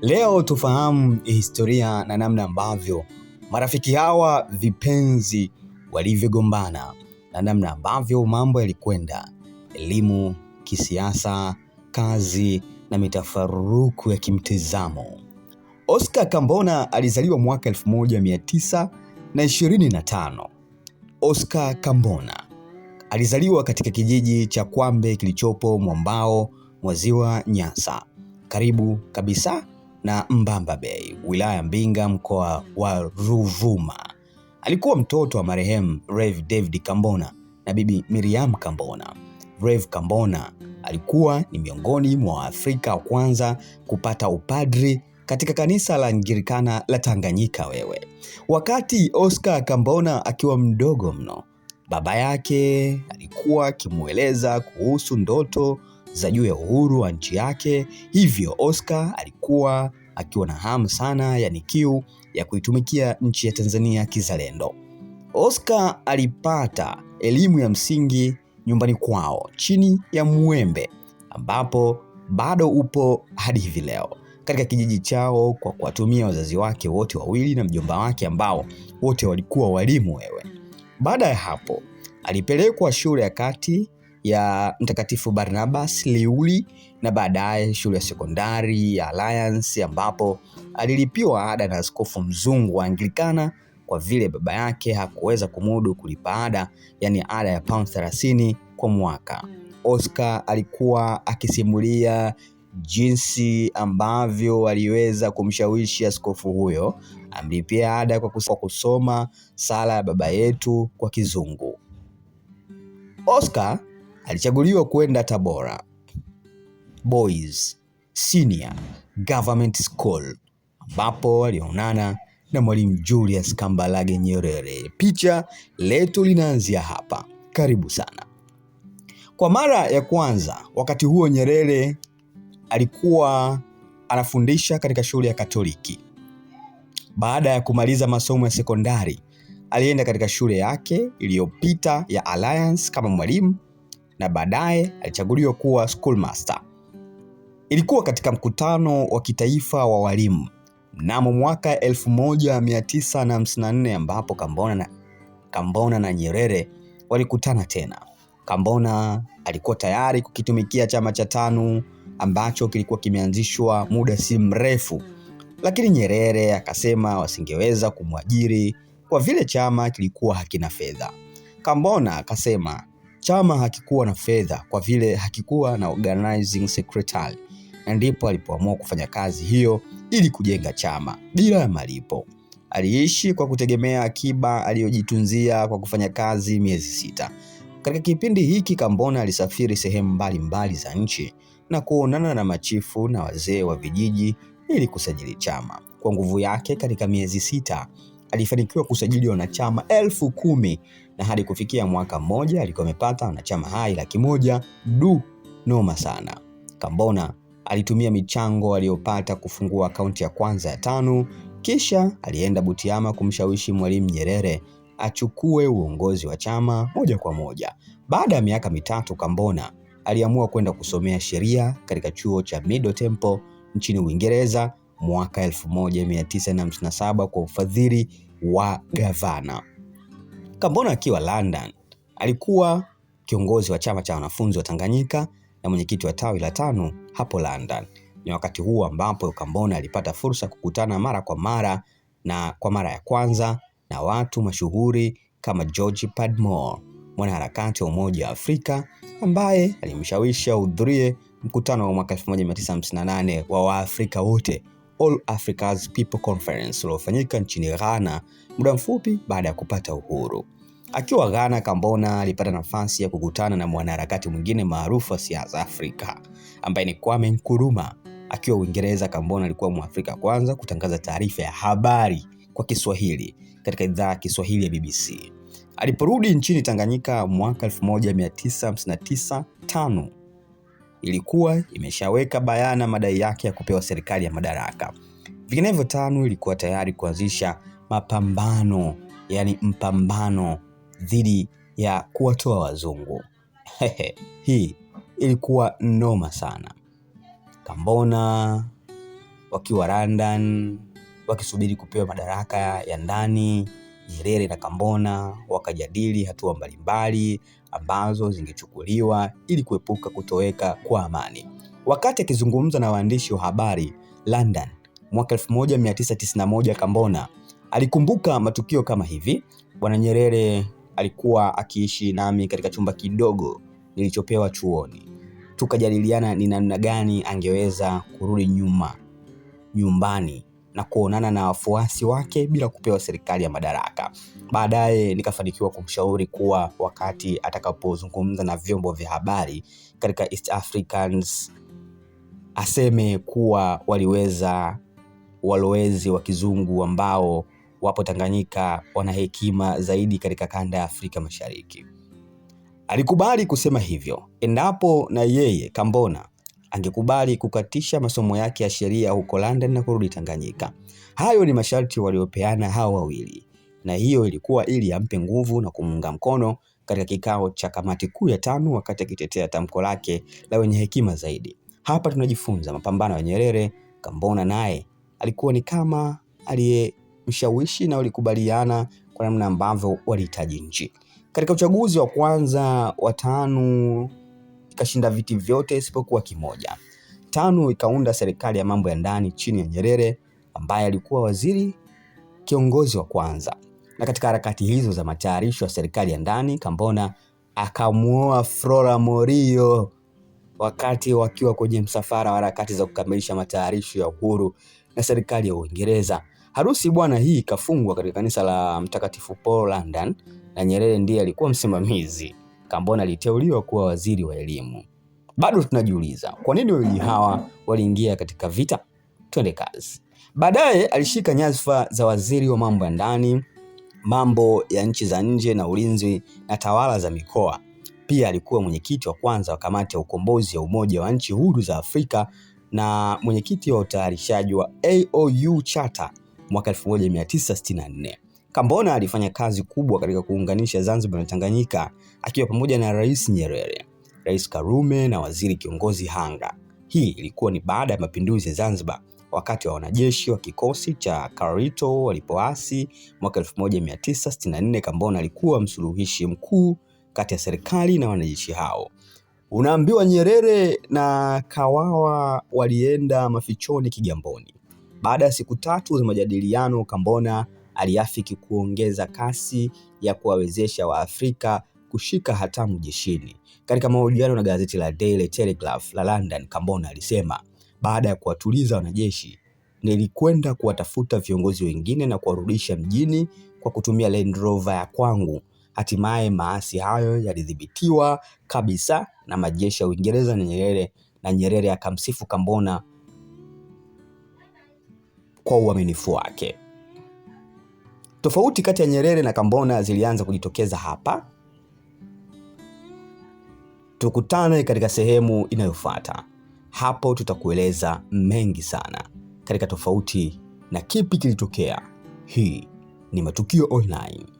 Leo tufahamu historia na namna ambavyo marafiki hawa vipenzi walivyogombana na namna ambavyo mambo yalikwenda: elimu, kisiasa, kazi na mitafaruku ya kimtizamo. Oscar Kambona alizaliwa mwaka 1925. Oscar Kambona alizaliwa katika kijiji cha Kwambe kilichopo Mwambao mwa Ziwa Nyasa, karibu kabisa na Mbamba Bay, wilaya Mbinga, mkoa wa Ruvuma. Alikuwa mtoto wa marehemu Rev David Kambona na bibi Miriam Kambona. Rev Kambona alikuwa ni miongoni mwa Waafrika wa kwanza kupata upadri katika kanisa la Anglikana la Tanganyika Wewe. Wakati Oscar Kambona akiwa mdogo mno, baba yake alikuwa akimweleza kuhusu ndoto za juu ya uhuru wa nchi yake. Hivyo Oscar alikuwa akiwa na hamu sana, yani kiu ya kuitumikia nchi ya Tanzania kizalendo. Oscar alipata elimu ya msingi nyumbani kwao chini ya mwembe ambapo bado upo hadi hivi leo katika kijiji chao kwa kuwatumia wazazi wake wote wawili na mjomba wake ambao wote walikuwa walimu. Wewe, baada ya hapo, alipelekwa shule ya kati ya Mtakatifu Barnabas Liuli na baadaye shule ya sekondari ya Alliance ambapo alilipiwa ada na askofu mzungu wa Anglikana kwa vile baba yake hakuweza kumudu kulipa ada, yani ada ya pound 30 kwa mwaka. Oscar alikuwa akisimulia jinsi ambavyo waliweza kumshawishi askofu huyo amlipia ada kwa kusoma sala ya Baba Yetu kwa Kizungu. Oscar alichaguliwa kwenda Tabora Boys Senior Government School ambapo alionana na Mwalimu Julius Kambarage Nyerere. Picha letu linaanzia hapa. Karibu sana. Kwa mara ya kwanza wakati huo Nyerere alikuwa anafundisha katika shule ya Katoliki. Baada ya kumaliza masomo ya sekondari, alienda katika shule yake iliyopita ya Alliance kama mwalimu na baadaye alichaguliwa kuwa schoolmaster. Ilikuwa katika mkutano wa kitaifa wa walimu mnamo mwaka 1954 ambapo Kambona na, Kambona na Nyerere walikutana tena. Kambona alikuwa tayari kukitumikia chama cha TANU ambacho kilikuwa kimeanzishwa muda si mrefu, lakini Nyerere akasema wasingeweza kumwajiri kwa vile chama kilikuwa hakina fedha. Kambona akasema Chama hakikuwa na fedha kwa vile hakikuwa na organizing secretary, na ndipo alipoamua kufanya kazi hiyo ili kujenga chama bila ya malipo. Aliishi kwa kutegemea akiba aliyojitunzia kwa kufanya kazi miezi sita. Katika kipindi hiki Kambona alisafiri sehemu mbalimbali za nchi na kuonana na machifu na wazee wa vijiji ili kusajili chama. Kwa nguvu yake, katika miezi sita alifanikiwa kusajili wanachama elfu kumi na hadi kufikia mwaka mmoja alikuwa amepata wanachama hai laki moja. Du, noma sana. Kambona alitumia michango aliyopata kufungua akaunti ya kwanza ya TANU, kisha alienda Butiama kumshawishi Mwalimu Nyerere achukue uongozi wa chama moja kwa moja. Baada ya miaka mitatu, Kambona aliamua kwenda kusomea sheria katika chuo cha Middle Temple nchini Uingereza mwaka 1957 kwa ufadhili wa gavana. Kambona akiwa London alikuwa kiongozi wa chama cha wanafunzi wa Tanganyika na mwenyekiti wa tawi la tano hapo London. Ni wakati huu ambapo Kambona alipata fursa kukutana mara kwa mara na kwa mara ya kwanza na watu mashuhuri kama George Padmore, mwanaharakati wa Umoja wa Afrika ambaye alimshawishi ahudhurie mkutano wa mwaka 1958 wa Waafrika wote All Africa's People Conference uliofanyika nchini Ghana muda mfupi baada ya kupata uhuru. Akiwa Ghana, Kambona alipata nafasi ya kukutana na mwanaharakati mwingine maarufu wa siasa Afrika ambaye ni Kwame Nkrumah. Akiwa Uingereza, Kambona alikuwa Mwafrika kwanza kutangaza taarifa ya habari kwa Kiswahili katika idhaa ya Kiswahili ya BBC. Aliporudi nchini Tanganyika mwaka 1959 tano ilikuwa imeshaweka bayana madai yake ya kupewa serikali ya madaraka. Vinginevyo, TANU ilikuwa tayari kuanzisha mapambano, yani mpambano dhidi ya kuwatoa wazungu. Hii ilikuwa noma sana. Kambona wakiwa London wakisubiri kupewa madaraka ya ndani. Nyerere na Kambona wakajadili hatua mbalimbali ambazo zingechukuliwa ili kuepuka kutoweka kwa amani. Wakati akizungumza na waandishi wa habari London mwaka 1991, Kambona alikumbuka matukio kama hivi: Bwana Nyerere alikuwa akiishi nami katika chumba kidogo nilichopewa chuoni, tukajadiliana ni namna gani angeweza kurudi nyuma nyumbani na kuonana na wafuasi wake bila kupewa serikali ya madaraka. Baadaye nikafanikiwa kumshauri kuwa wakati atakapozungumza na vyombo vya habari katika East Africans aseme kuwa waliweza walowezi wa kizungu ambao wapo Tanganyika wana hekima zaidi katika kanda ya Afrika Mashariki. Alikubali kusema hivyo endapo na yeye Kambona angekubali kukatisha masomo yake ya sheria huko London na kurudi Tanganyika. Hayo ni masharti waliopeana hao wawili, na hiyo ilikuwa ili ampe nguvu na kumuunga mkono katika kikao cha kamati kuu ya tano, wakati akitetea tamko lake la wenye hekima zaidi. Hapa tunajifunza mapambano ya Nyerere. Kambona naye alikuwa ni kama aliyemshawishi na walikubaliana kwa namna ambavyo walihitaji nchi katika uchaguzi wa kwanza wa tano ikashinda viti vyote isipokuwa kimoja. Tano ikaunda serikali ya mambo ya ndani chini ya Nyerere ambaye alikuwa waziri kiongozi wa kwanza. Na katika harakati hizo za matayarisho ya serikali ya ndani, Kambona akamuoa Flora Morio wakati wakiwa kwenye msafara wa harakati za kukamilisha matayarisho ya uhuru na serikali ya Uingereza. Harusi bwana hii ikafungwa katika kanisa la Mtakatifu Paul London, na Nyerere ndiye alikuwa msimamizi. Kambona aliteuliwa kuwa waziri wa elimu. Bado tunajiuliza kwa nini wawili hawa waliingia katika vita. Twende kazi. Baadaye alishika nyadhifa za waziri wa mambo ya ndani, mambo ya nchi za nje na ulinzi na tawala za mikoa. Pia alikuwa mwenyekiti wa kwanza wa kamati ya ukombozi ya Umoja wa Nchi Huru za Afrika na mwenyekiti wa utayarishaji wa AOU Charter mwaka 1964. Kambona alifanya kazi kubwa katika kuunganisha Zanzibar na Tanganyika akiwa pamoja na Rais Nyerere, Rais Karume na waziri kiongozi Hanga. Hii ilikuwa ni baada ya mapinduzi ya Zanzibar wakati wa wanajeshi wa kikosi cha Karito walipoasi mwaka 1964. Kambona alikuwa msuluhishi mkuu kati ya serikali na wanajeshi hao. Unaambiwa Nyerere na Kawawa walienda mafichoni Kigamboni. Baada ya siku tatu za majadiliano, Kambona aliafiki kuongeza kasi ya kuwawezesha Waafrika kushika hatamu jeshini. Katika mahojiano na gazeti la Daily Telegraph la London, Kambona alisema baada ya kuwatuliza wanajeshi, nilikwenda kuwatafuta viongozi wengine na kuwarudisha mjini kwa kutumia Land Rover ya kwangu. Hatimaye maasi hayo yalidhibitiwa kabisa na majeshi ya Uingereza na Nyerere, na Nyerere akamsifu Kambona kwa uaminifu wake. Tofauti kati ya Nyerere na Kambona zilianza kujitokeza hapa. Tukutane katika sehemu inayofuata. Hapo tutakueleza mengi sana katika tofauti na kipi kilitokea. Hii ni Matukio Online.